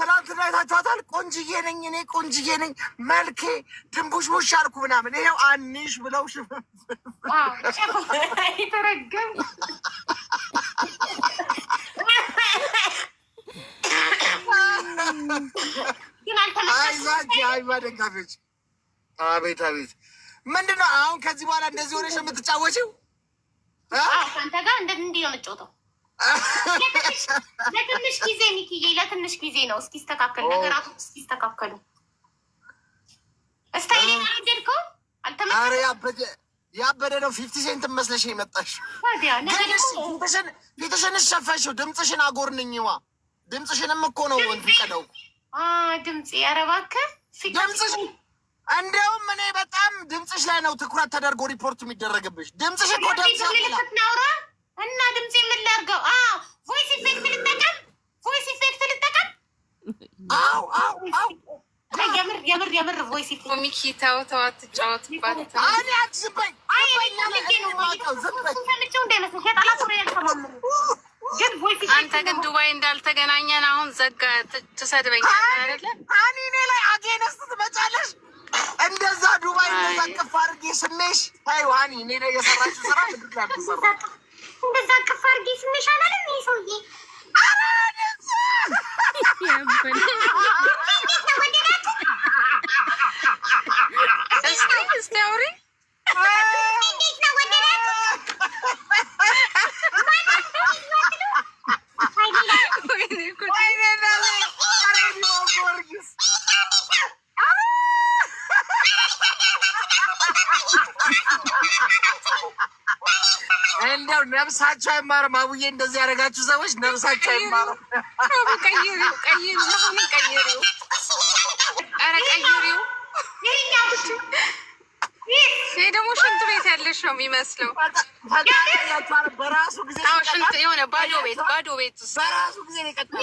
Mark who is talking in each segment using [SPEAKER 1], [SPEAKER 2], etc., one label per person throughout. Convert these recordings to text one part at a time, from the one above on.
[SPEAKER 1] ትላንትና አይታችኋታል። ቆንጅዬ ነኝ እኔ ቆንጅዬ ነኝ መልኬ ቡሽ አልኩ ምናምን። ይኸው አንሽ ብለው
[SPEAKER 2] የተረገም
[SPEAKER 1] አይማ ደጋፊዎች፣ አቤት አቤት፣ ምንድን ነው አሁን? ከዚህ በኋላ እንደዚህ ሆነሽ የምትጫወችው
[SPEAKER 2] አንተ ጋር እንደ እንዲህ ነው የምትጫወተው ለትንሽ ጊዜ ሚኪዬ፣ ለትንሽ ጊዜ ነው። እስኪስተካከል ነገራቱ እስኪስተካከሉ እስታይሌ ወደድከው
[SPEAKER 1] ያበደ ነው። ፊፍቲ ሴንት መስለሽ የመጣሽ ፊትሽን ሸፈሽው። ድምፅሽን አጎርንኝዋ። ድምፅሽንም እኮ ነው እንትን ቀደው
[SPEAKER 2] ድምፅ ያረባከ
[SPEAKER 1] ድምፅሽ እንዲያውም እኔ በጣም ድምፅሽ ላይ ነው ትኩረት ተደርጎ ሪፖርት የሚደረግብሽ ድምፅሽ እኮ
[SPEAKER 2] ደምስ እና ድምፅ የምላርገው ቮይስ ኢፌክት ልጠቀም፣ ቮይስ ኢፌክት ልጠቀም። የምር የምር የምር ቮይስ
[SPEAKER 3] ኢፌክት ሚኪ ተው ተው፣ አትጫወትባት። አንተ ግን ዱባይ እንዳልተገናኘን አሁን ዘጋ። ትሰድበኛለህ
[SPEAKER 1] አይደለ? እኔ ላይ አጌነስ ትመጫለሽ እንደዛ ዱባይ እንደዛ ቅፍ አድርጌ ስሜሽ ታይ ዋኒ እኔ ላይ የሰራችው ስራ ምድር
[SPEAKER 2] ላይ እንደዛ ቅፍ አድርጌ ስሜሽ አላለም ይህ ሰውዬ
[SPEAKER 3] እስቲ አውሪ
[SPEAKER 1] ነብሳቸው አይማርም። አቡዬ እንደዚህ ያደረጋችሁ ሰዎች ነብሳቸው አይማርም።
[SPEAKER 3] ቀይሪው፣ ቀይሪው፣ ለሆነ ቀይሪው፣ ኧረ ቀይሪው። ይሄ ደግሞ ሽንት ቤት ያለሽ ነው የሚመስለው። በራሱ ጊዜ ሽንት የሆነ ባዶ ቤት ባዶ ቤት ውስጥ በራሱ ጊዜ አንዳችሁ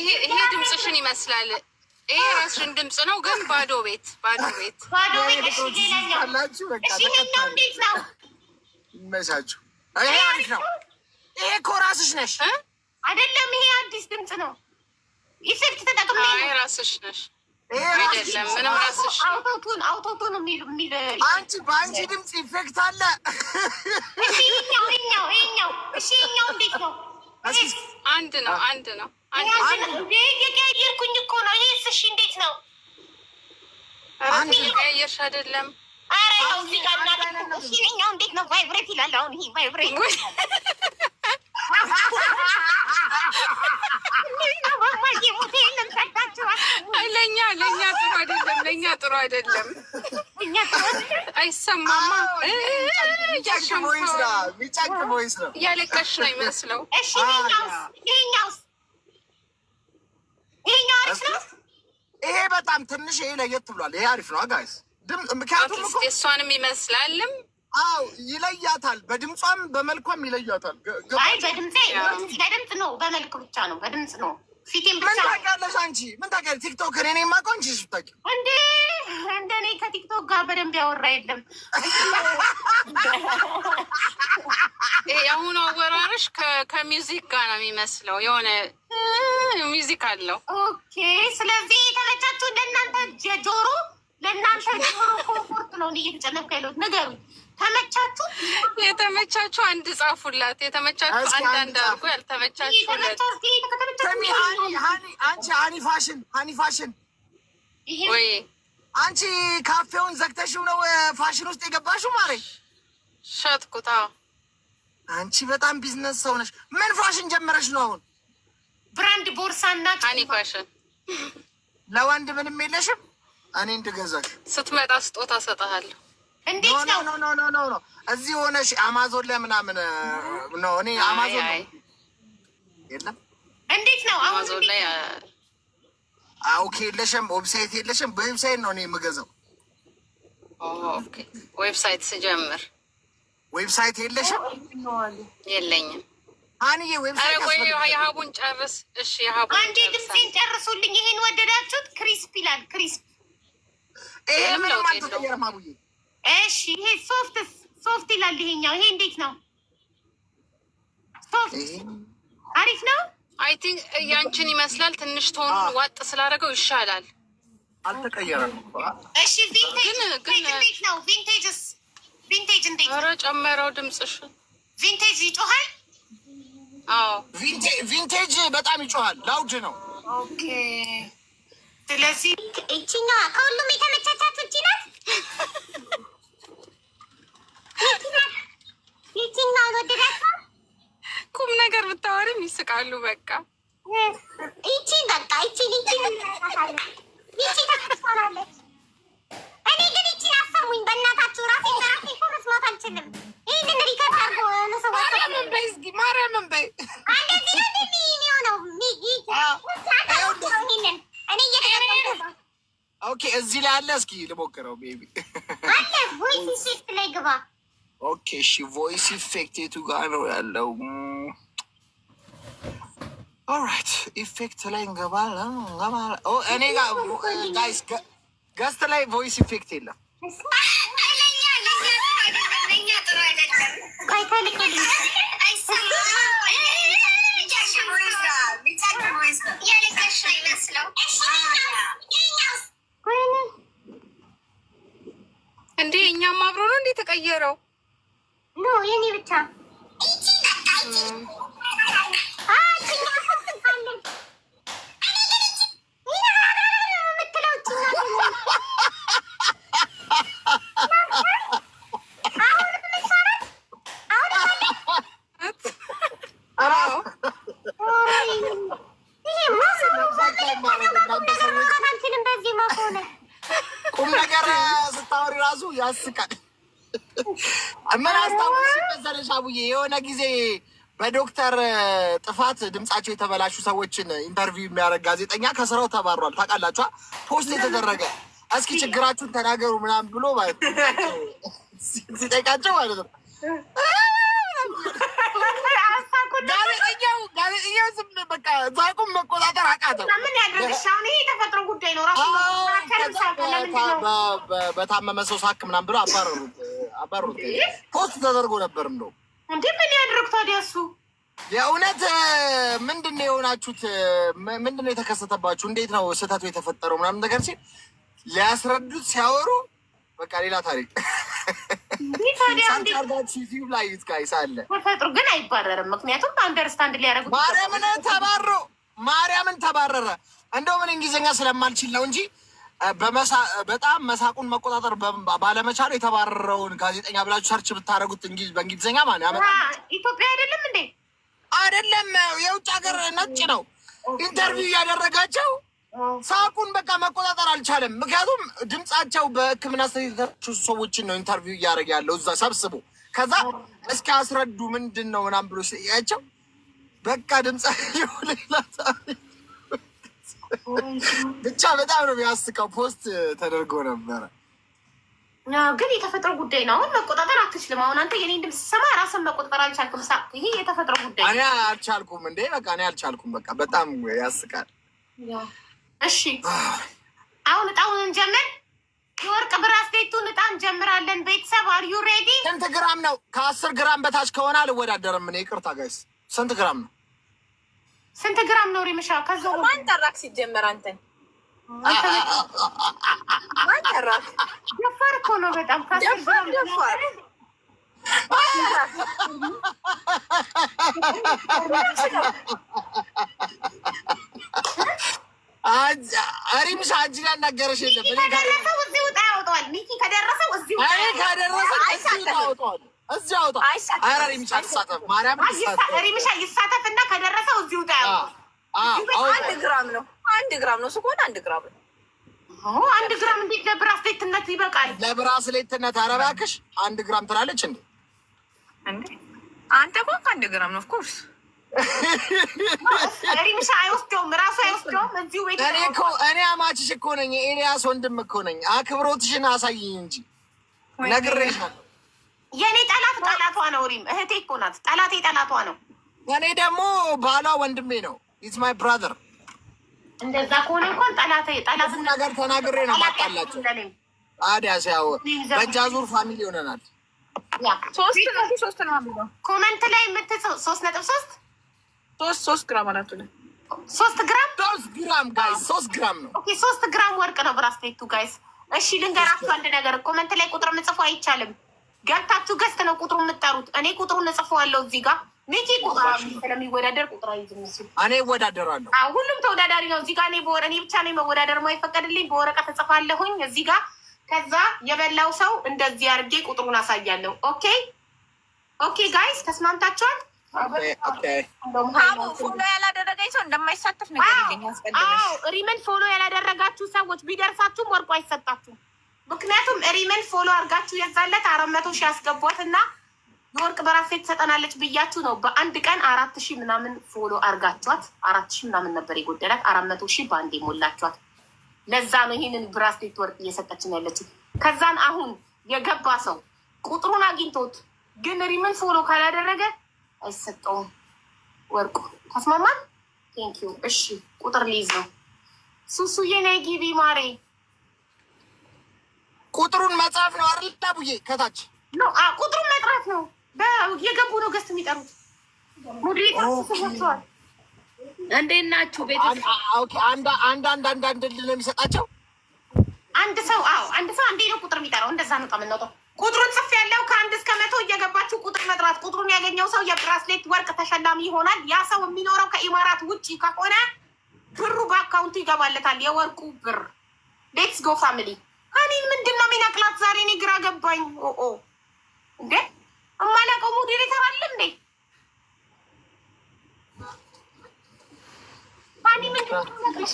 [SPEAKER 3] ይሄ ድምፅሽን ይመስላል ይሄ ራስሽን ድምፅ ነው ግን ባዶ ቤት ባዶ ቤት
[SPEAKER 2] ባዶ ቤት። እሺ ሌላኛው እሺ ሌላኛው እንዴት ነው?
[SPEAKER 1] ይመሳችሁ። ይሄ አሪፍ ነው። ይሄ እኮ ራስሽ ነሽ
[SPEAKER 2] አይደለም? ይሄ አዲስ ድምፅ ነው። ይስልክ ተጠቅሜ
[SPEAKER 3] ነው። ራስሽ ነሽ
[SPEAKER 2] አውቶቱን አውቶቱን የሚል የሚል
[SPEAKER 1] አንቺ በአንቺ ድምፅ ኢፌክት አለ።
[SPEAKER 2] እሺ ይሄኛው ይሄኛው ይሄኛው እሺ ይሄኛው እንዴት ነው?
[SPEAKER 3] አንድ ነው አንድ ነው
[SPEAKER 2] የቀያየርኩኝ እኮ ነው። ይህስ እሺ፣ እንዴት ነው
[SPEAKER 3] ቀያየርሽ? አይደለም
[SPEAKER 2] ኧረ ያው እዚህ ጋር ምናምን እንዴት ነው ቫይብሬት ይላል። አሁን ይሄ ቫይብሬት
[SPEAKER 3] ለእኛ ለእኛ ጥሩ አይደለም። ለእኛ ጥሩ አይደለም። አይሰማማ እያለቀሽ ነው ይመስለው።
[SPEAKER 1] ይሄ በጣም ትንሽ፣ ይሄ ለየት ብሏል። ይሄ አሪፍ ነው ጋይስ። ምክንያቱም
[SPEAKER 3] እሷንም ይመስላልም
[SPEAKER 1] አው ይለያታል። በድምጿም በመልኳም ይለያታል።
[SPEAKER 2] አይ በድምጼ በድምጽ ነው፣ በመልክ ብቻ ነው፣ በድምጽ ነው።
[SPEAKER 1] ፊቴም ብቻ ምን ታውቂያለሽ አንቺ? ምን ታውቂያለሽ? ቲክቶክ እኔ ማውቀው አንቺ ስታውቂ
[SPEAKER 2] እንደ እንደ እኔ ከቲክቶክ ጋር በደንብ ያወራ የለም።
[SPEAKER 3] የአሁኑ አወራረሽ ከሚውዚክ ጋር ነው የሚመስለው፣ የሆነ ሚውዚክ አለው።
[SPEAKER 2] ኦኬ ስለዚህ የተመቻችሁ ለእናንተ ጆሮ ለእናንተ ጆሮ ኮምፎርት ነው እየተጨነብካ ያለት ነገሩኝ። ተመቻችሁ
[SPEAKER 3] የተመቻችሁ አንድ ጻፉላት። የተመቻችሁ አንድ አንድ አድርጎ ያልተመቻችሁ
[SPEAKER 1] ሀኒ ፋሽን ሀኒ ፋሽን ወይ አንቺ ካፌውን ዘግተሽው ነው ፋሽን ውስጥ የገባሽው ማ ሸጥኩታ። አንቺ በጣም ቢዝነስ ሰው ነሽ። ምን ፋሽን ጀመረሽ ነው አሁን?
[SPEAKER 2] ብራንድ ቦርሳ እና
[SPEAKER 3] ሀኒ ፋሽን።
[SPEAKER 1] ለወንድ ምንም የለሽም? እኔ እንድገዛሽ
[SPEAKER 3] ስትመጣ ስጦታ ሰጠሃለሁ።
[SPEAKER 2] እንዴት
[SPEAKER 1] ነው? ኖ ኖ ኖ ኖ ኖ እዚህ ሆነሽ አማዞን ላይ ምናምን ነው። እኔ አማዞን ነው
[SPEAKER 2] የለም። እንዴት ነው
[SPEAKER 3] አማዞን ላይ
[SPEAKER 1] ኦኬ። የለሽም ዌብሳይት የለሽም? በዌብሳይት ነው እኔ የምገዛው።
[SPEAKER 3] ኦኬ ዌብሳይት ስጀምር
[SPEAKER 1] ዌብሳይት የለሽም? የለኝም። አንዬ ዌብሳይት
[SPEAKER 3] የሀቡን ጨርስ። እሺ የሀቡ
[SPEAKER 2] አንዴ ድምፄን ጨርሱልኝ። ይሄን ወደዳችሁት? ክሪስፕ ይላል። ክሪስፕ
[SPEAKER 1] ይሄ ምንም አልተቀየረም አቡዬ
[SPEAKER 2] እሺ ይሄ ሶፍትስ ሶፍት ይላል ይሄኛው። ይሄ እንዴት ነው? ሶፍት አሪፍ ነው።
[SPEAKER 3] አይ ቲንክ ያንቺን ይመስላል። ትንሽ ቶኑ ዋጥ ስላደረገው ይሻላል።
[SPEAKER 1] አልተቀየረም።
[SPEAKER 2] እሺ ቪንቴጅ እንዴት ነው? ቪንቴጅስ ቪንቴጅ እንዴት
[SPEAKER 3] ነው? ኧረ ጨመረው ድምፅሽ።
[SPEAKER 2] ቪንቴጅ ይጮሃል።
[SPEAKER 3] አዎ
[SPEAKER 1] ቪንቴጅ በጣም ይጮሃል። ላውድ ነው።
[SPEAKER 3] ኦኬ
[SPEAKER 2] ስለዚህ እቺኛ ከሁሉም የተመቻቻት ውጪ ናት።
[SPEAKER 3] ይስቃሉ። በቃ
[SPEAKER 2] ይቺን በቃ ይቺን ይቺን ይቺን እኔ ግን ይቺን አሰሙኝ። በእናታችሁ ራሴ ራሴ መስማት አልችልም። ይህንን ሪከርድ አርጎ
[SPEAKER 3] ሰዋሰማረምን በዝጊ ማረምን በ
[SPEAKER 2] አንደዚህ ለሚ የሚሆነው ሚንን እኔ እየተገ
[SPEAKER 1] ኦኬ፣ እዚህ ላይ አለ። እስኪ ልሞክረው። ቤቢ
[SPEAKER 2] አለ ቮይስ ኢፌክት ላይ ግባ።
[SPEAKER 1] ኦኬ፣ እሺ ቮይስ ኢፌክት የቱ ጋር ነው ያለው? ኦራይት ኢፌክት ላይ እንገባለን። እኔ ጋይስ ገስት ላይ ቮይስ ኢፌክት የለም።
[SPEAKER 3] እንዴ እኛም አብሮ ነው እንዴ ተቀየረው?
[SPEAKER 2] የኔ ብቻ ጊዜ በዶክተር ጥፋት ድምጻቸው የተበላሹ ሰዎችን ኢንተርቪው የሚያደርግ ጋዜጠኛ ከስራው ተባሯል። ታውቃላችኋ? ፖስት የተደረገ እስኪ ችግራችሁን ተናገሩ ምናምን ብሎ ማለት ሲጠይቃቸው ማለት ነው ጋዜጠኛው ጋዜጠኛው ዝም በቃ ዛቁም መቆጣጠር አቃተው። በታመመ ሰው ሳክ ምናምን ብሎ አባረሩት። ፖስት ተደርጎ ነበር እንደው እንዴ ምን ያድርግ ታዲያ እሱ የእውነት ምንድን ነው የሆናችሁት? ምንድን ነው የተከሰተባችሁ? እንዴት ነው ስህተቱ የተፈጠረው? ምናምን ነገር ሲል ሊያስረዱት ሲያወሩ በቃ ሌላ ታሪክ ተፈጥሮ ግን አይባረርም። ምክንያቱም አንደርስታንድ ሊያደርጉት ማርያምን ተባረ ማርያምን ተባረረ። እንደው ምን እንግሊዝኛ ስለማልችል ነው እንጂ በጣም መሳቁን መቆጣጠር ባለመቻሉ የተባረረውን ጋዜጠኛ ብላችሁ ሰርች ብታደረጉት በእንግሊዝኛ ማለት ኢትዮጵያ አይደለም እንዴ? አይደለም፣ የውጭ ሀገር ነጭ ነው። ኢንተርቪው እያደረጋቸው ሳቁን በቃ መቆጣጠር አልቻለም። ምክንያቱም ድምጻቸው በሕክምና ስታቸው ሰዎችን ነው ኢንተርቪው እያደረገ ያለው እዛ ሰብስቡ። ከዛ እስኪ አስረዱ ምንድን ነው ምናምን ብሎ ስያቸው በቃ ድምጻቸው ሌላ ብቻ በጣም ነው የሚያስቀው። ፖስት ተደርጎ ነበረ ግን የተፈጥሮ ጉዳይ ነው። አሁን መቆጣጠር አትችልም። አሁን አንተ የኔን ድምፅ ስሰማ ራስን መቆጣጠር አልቻልኩም። ይሄ የተፈጥሮ ጉዳይ እኔ አልቻልኩም እንዴ በቃ እኔ አልቻልኩም። በቃ በጣም ያስቃል። እሺ አሁን እጣውን እንጀምር። የወርቅ ብራስሌቱን እጣ እንጀምራለን። ቤተሰብ አርዩ ሬዲ? ስንት ግራም ነው? ከአስር ግራም በታች ከሆነ አልወዳደርም እኔ። ይቅርታ ጋይስ፣ ስንት ግራም ነው? ስንት ግራም ነው ሪምሻ? ከዛ ማን ጠራክ? ሲጀመር አንተ ማን ጠራክ? ደፋር እኮ ነው በጣም ደፋር ደፋር ሪምሻ እጅግ ያናገረሽ የለም። ከደረሰው እዚህ ውጣ ያውጠዋል። ሚኪ ከደረሰው እዚህ ውጣ ያውጠዋል። እዚህ አውጣ። ኧረ ሪምሻ ይሳተፍ፣ ማርያም ሪምሻ ይሳተፍ እና ከደረሰው እዚህ ውጣ። አንድ ግራም ነው፣ አንድ ግራም ነው። አንድ ግራም ነው። አንድ ግራም እንዴት ለብራስሌትነት ይበቃል? ለብራስሌትነት ኧረ እባክሽ አንድ ግራም ትላለች እንዴ! አንተ እኮ አንድ ግራም ነው። ኦፍኮርስ ሪምሻ አይወስደውም፣ ራሱ አይወስደውም። እዚሁ ቤት እኔ አማችሽ እኮ ነኝ፣ ኤልያስ ወንድም እኮ ነኝ። አክብሮትሽን አሳይኝ እንጂ ነግሬሻለሁ የእኔ ጠላት ጠላቷ ነው። ሪም እህቴ እኮ ናት። ጠላቴ ጠላቷ ነው። እኔ ደግሞ ባሏ ወንድሜ ነው። ኢትስ ማይ ብራዘር። እንደዛ ከሆነ እንኳን ጠላት ጠላት ነገር ተናግሬ ነው ማጣላቸው። ታዲያ ሲያው በእጅ አዙር ፋሚሊ ይሆነናል። ኮመንት ላይ የምትጽ ሶስት ነጥብ ሶስት ሶስት ሶስት ግራም አናቱ ሶስት ግራም ሶስት ግራም ጋይስ ሶስት ግራም ነው። ኦኬ ሶስት ግራም ወርቅ ነው ብራስሌቱ ጋይስ። እሺ ልንገራችሁ አንድ ነገር፣ ኮመንት ላይ ቁጥር ምጽፎ አይቻልም። ገብታችሁ ገዝት ነው ቁጥሩ የምጠሩት። እኔ ቁጥሩን እጽፈዋለሁ እዚህ ጋር ሚኪ ስለሚወዳደር ቁጥር አይዝም። እኔ እወዳደራለሁ። ሁሉም ተወዳዳሪ ነው እዚህ ጋር። እኔ እኔ ብቻ ነው መወዳደር የማይፈቀድልኝ። በወረቀት እጽፋለሁኝ እዚህ ጋር። ከዛ የበላው ሰው እንደዚህ አድርጌ ቁጥሩን አሳያለሁ። ኦኬ ኦኬ ጋይስ ተስማምታችኋል? ፎሎ ያላደረገኝ ሰው እንደማይሳተፍ ነገር ሪምን ፎሎ ያላደረጋችሁ ሰዎች ቢደርሳችሁም ወርቁ አይሰጣችሁም። ምክንያቱም ሪምን ፎሎ አርጋችሁ የዛለት አራት መቶ ሺህ ያስገቧት እና የወርቅ በራሴ ትሰጠናለች ብያችሁ ነው። በአንድ ቀን አራት ሺህ ምናምን ፎሎ አርጋችኋት አራት ሺህ ምናምን ነበር የጎደላት። አራት መቶ ሺህ በአንድ የሞላችኋት። ለዛ ነው ይህንን ብራስሌት ወርቅ እየሰጠችን ያለችው። ከዛን አሁን የገባ ሰው ቁጥሩን አግኝቶት ግን ሪምን ፎሎ ካላደረገ አይሰጠውም ወርቁ። ተስማማን? ቴንኪዩ። እሺ ቁጥር ሊይዝ ነው ሱሱዬ ነይ ግቢ ማሬ ቁጥሩን መጽሐፍ ነው አይደል? ቡዬ ከታች ቁጥሩን መጥራት ነው። የገቡ ነው ገስት የሚጠሩት እንዴት ናችሁ? አንዳንድ አንዳንድ ነው የሚሰጣቸው። አንድ ሰው አዎ፣ አንድ ሰው አንዴ ነው ቁጥር የሚጠራው። እንደዛ ነው ከምንወጣው። ቁጥሩን ጽፍ ያለው ከአንድ እስከ መቶ እየገባችሁ ቁጥር መጥራት። ቁጥሩን ያገኘው ሰው የብራስሌት ወርቅ ተሸላሚ ይሆናል። ያ ሰው የሚኖረው ከኢማራት ውጭ ከሆነ ብሩ በአካውንቱ ይገባለታል፣ የወርቁ ብር። ሌትስ ጎ ፋሚሊ እኔን ምንድን ነው የሚነቅላት ዛሬ? እኔ ግራ ገባኝ። ኦ እንዴ እማላቀው ሞዴሬተር አለ እንዴ? ባኒ ስክሪንሽ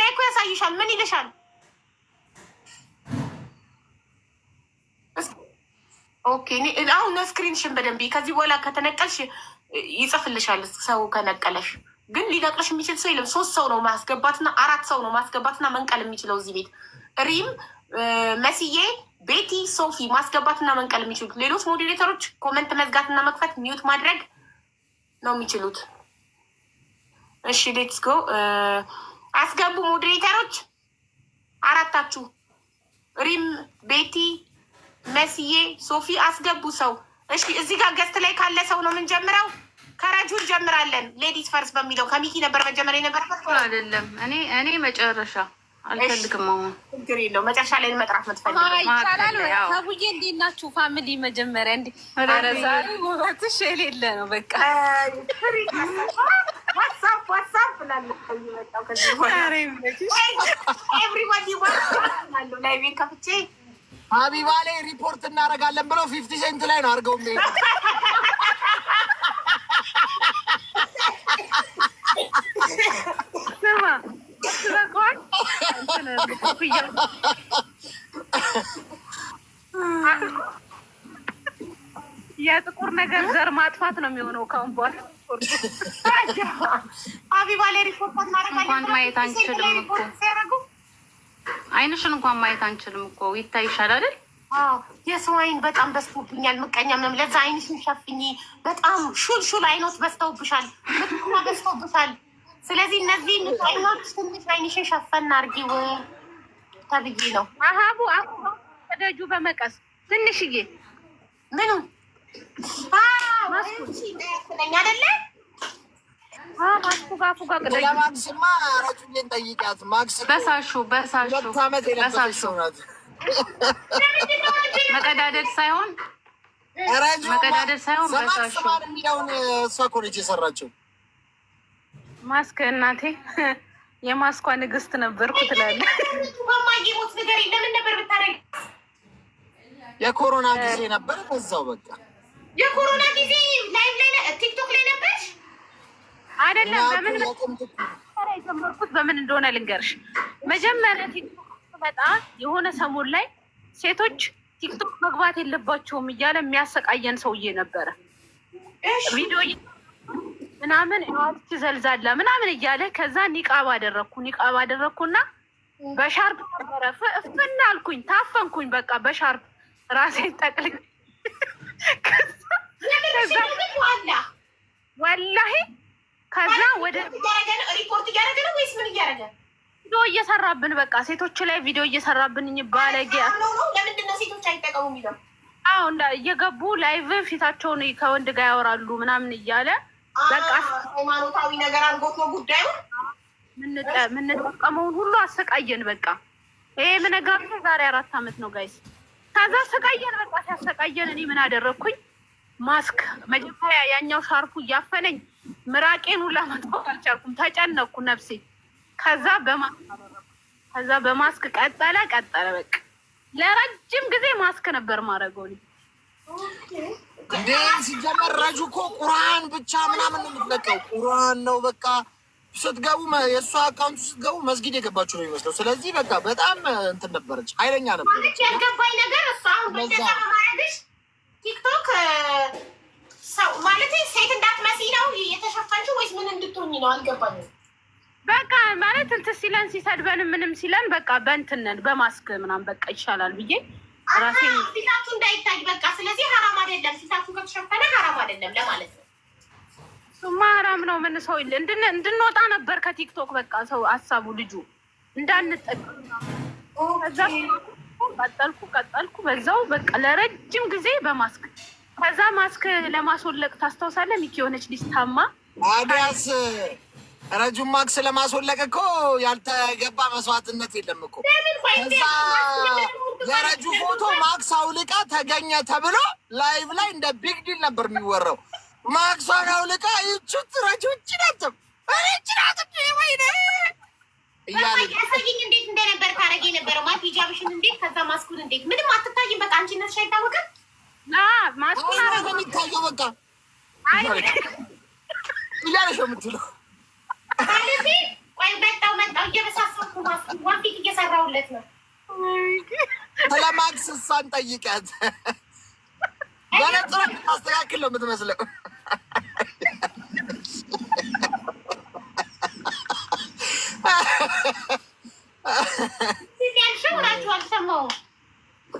[SPEAKER 2] ላይ እኮ ያሳይሻል። ምን ይልሻል? ኦኬ አሁን ስክሪንሽን በደንብ ከዚህ በኋላ ከተነቀልሽ ይጽፍልሻል ሰው ከነቀለሽ ግን ሊነቅልሽ የሚችል ሰው የለም። ሶስት ሰው ነው ማስገባትና አራት ሰው ነው ማስገባትና መንቀል የሚችለው እዚህ ቤት ሪም፣ መስዬ፣ ቤቲ፣ ሶፊ ማስገባትና መንቀል የሚችሉት። ሌሎች ሞዲሬተሮች ኮመንት መዝጋትና መክፈት ሚዩት ማድረግ ነው የሚችሉት። እሺ ሌትስ ጎ አስገቡ ሞዲሬተሮች አራታችሁ ሪም፣ ቤቲ፣ መስዬ፣ ሶፊ አስገቡ ሰው። እሺ እዚህ ጋር ገስት ላይ ካለ ሰው ነው የምንጀምረው። ከረጁል ጀምራለን። ሌዲስ ፈርስ በሚለው ከሚኪ ነበር መጀመር የነበር አይደለም። እኔ እኔ መጨረሻ አልፈልግም። አሁን ችግር የለው መጨረሻ ላይ መጥራት መትፈልጉዬ እንዴት ናችሁ ፋሚሊ? መጀመሪያ እንዲ ውበትሽ የሌለ ነው። በቃ ሀቢባ ላይ ሪፖርት እናደርጋለን ብለው ፊፍቲ ሴንት ላይ ነው አድርገው የጥቁር ነገር ዘር ማጥፋት ነው የሚሆነው። ካሁን በኋላ አቢባ ላይ ሪፖርት እንኳን ማየት አንችልም እኮ አይንሽን እንኳን ማየት አንችልም እኮ ይታይሻል አይደል? የሰው አይን በጣም በዝቶብኛል። ምቀኛ ምንም ለዛ አይንሽን ሸፍኝ። በጣም ሹል አይኖት በዝተውብሻል። ምጥቁና በዝተውብሻል። ስለዚህ እነዚህ ንቃይኖች ትንሽ አይንሽን ሸፈን አድርጊው ተብዬ ነው። አሀቡ ወደጁ በመቀስ ትንሽዬ ምኑ ነኝ መቀዳደድ ሳይሆን መቀዳደድ ሳይሆን በሳሹ የሚለውን እሷ እኮ ነች የሰራችው ማስክ እናቴ የማስኳ ንግስት ነበርኩ ትላለህ። የኮሮና ጊዜ ነበር። ከዛው በቃ የኮሮና ጊዜ ላይ ቲክቶክ ላይ ነበር አይደለም። በምን የጀመርኩት በምን እንደሆነ ልንገርሽ። መጀመሪያ ቲክቶክ በጣ የሆነ ሰሞን ላይ ሴቶች ቲክቶክ መግባት የለባቸውም እያለ የሚያሰቃየን ሰውዬ ነበረ ቪዲዮ ምናምን ዋች ዘልዛላ ምናምን እያለ ከዛ ኒቃብ አደረግኩ ኒቃብ አደረግኩና በሻርፕ ነበረ እፍና አልኩኝ፣ ታፈንኩኝ። በቃ በሻርፕ ራሴን ጠቅልኝ ወላሂ ከዛ ወደ ሪፖርት እያደረገ ነው ወይስ ምን እያደረገ ቪዲዮ እየሰራብን በቃ ሴቶች ላይ ቪዲዮ እየሰራብን ባለጌ። ለምንድን ሴቶች አይጠቀሙ የሚለው? አዎ እየገቡ ላይቭ ፊታቸውን ከወንድ ጋር ያወራሉ ምናምን እያለ ሃይማኖታዊ ነገር አድርጎት ነው ጉዳዩ። የምንጠቀመውን ሁሉ አሰቃየን። በቃ ይሄ የምነግራችሁ ዛሬ አራት ዓመት ነው ጋይስ። ከዛ አሰቃየን፣ በቃ ሲያሰቃየን እኔ ምን አደረግኩኝ? ማስክ መጀመሪያ ያኛው ሻርፑ እያፈነኝ ምራቄን ሁላ መጥፋት አልቻልኩም። ተጨነኩ ነፍሴ። ከዛ በማስክ ከዛ በማስክ ቀጠለ ቀጠለ። በቃ ለረጅም ጊዜ ማስክ ነበር ማድረገው እኔ እንደም ሲጀመር ረጁ እኮ ቁርአን ብቻ ምናምን ነው የምትለቀው። ቁርአን ነው በቃ ስትገቡ የእሷ አካውንቱ ስትገቡ መስጊድ የገባችሁ ነው የሚመስለው። ስለዚህ በቃ በጣም እንትን ነበረች፣ ኃይለኛ ነበረች። ያልገባኝ ነገር አሁን ቲክቶክ ሰው ማለት ሴት እንዳትመሲ ነው ወይስ ምን እንድትሆኝ ነው? አልገባኝም። በቃ ማለት እንትን ሲለን ሲሰድበን ምንም ሲለን በቃ በእንትን በማስክ ምናምን በቃ ይሻላል ብዬ ፊታቱ እንዳይታይ በቃ። ስለዚህ ሀራም አይደለም፣ ፊታቱ ከተሸፈነ ሀራም አይደለም ለማለት ነው። እሱማ ሀራም ነው። ምን ሰው ይል እንድንወጣ ነበር ከቲክቶክ በቃ ሰው ሀሳቡ ልጁ እንዳንጠቅ ከዛ ቀጠልኩ ቀጠልኩ በዛው በቃ ለረጅም ጊዜ በማስክ ከዛ ማስክ ለማስወለቅ ታስታውሳለህ ሚኪ የሆነች ሊስታማ አዲያስ ረጁን ማክስ ለማስወለቅ እኮ ያልተገባ መስዋዕትነት የለም እኮ። የረጁ ፎቶ ማክስ አውልቃ ተገኘ ተብሎ ላይቭ ላይ እንደ ቢግ ዲል ነበር የሚወራው። ማክሷን አውልቃ ይቹት ረጁ እች ናትም እች ናትም ወይ እያሳየኝ እንዴት እንደነበር ታረግ የነበረው ማ ሂጃብሽን እንዴት ከዛ ማስኩን እንዴት ምንም አትታይም። በቃ አንቺ ነሽ አይታወቅም። ማስኩን አረገ የሚታየው በቃ እያለሽ ነው የምትለው ባለቤቴ ቆይ መጣሁ መጣሁ እየመሳሰልኩ ወንፊት እየሰራሁለት ነው። ስለማክስ እሷን ጠይቂያት። በለጥሮ የምታስተካክል ነው የምትመስለው።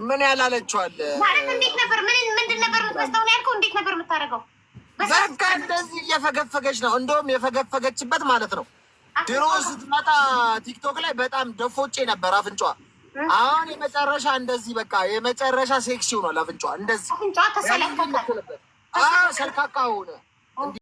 [SPEAKER 2] ምን ያህል አለችዋል? ማለት እንዴት ነበር? ምን ምንድን ነበር የምትመስለው? ያልከው እንዴት ነበር የምታደርገው? በቃ እንደዚህ እየፈገፈገች ነው። እንደውም የፈገፈገችበት ማለት ነው። ድሮ ስትመጣ ቲክቶክ ላይ በጣም ደፎጬ ነበር አፍንጫዋ። አሁን የመጨረሻ እንደዚህ በቃ የመጨረሻ ሴክሲ ሆኗል አፍንጫዋ። እንደዚህ ሰልካካ ሆነ።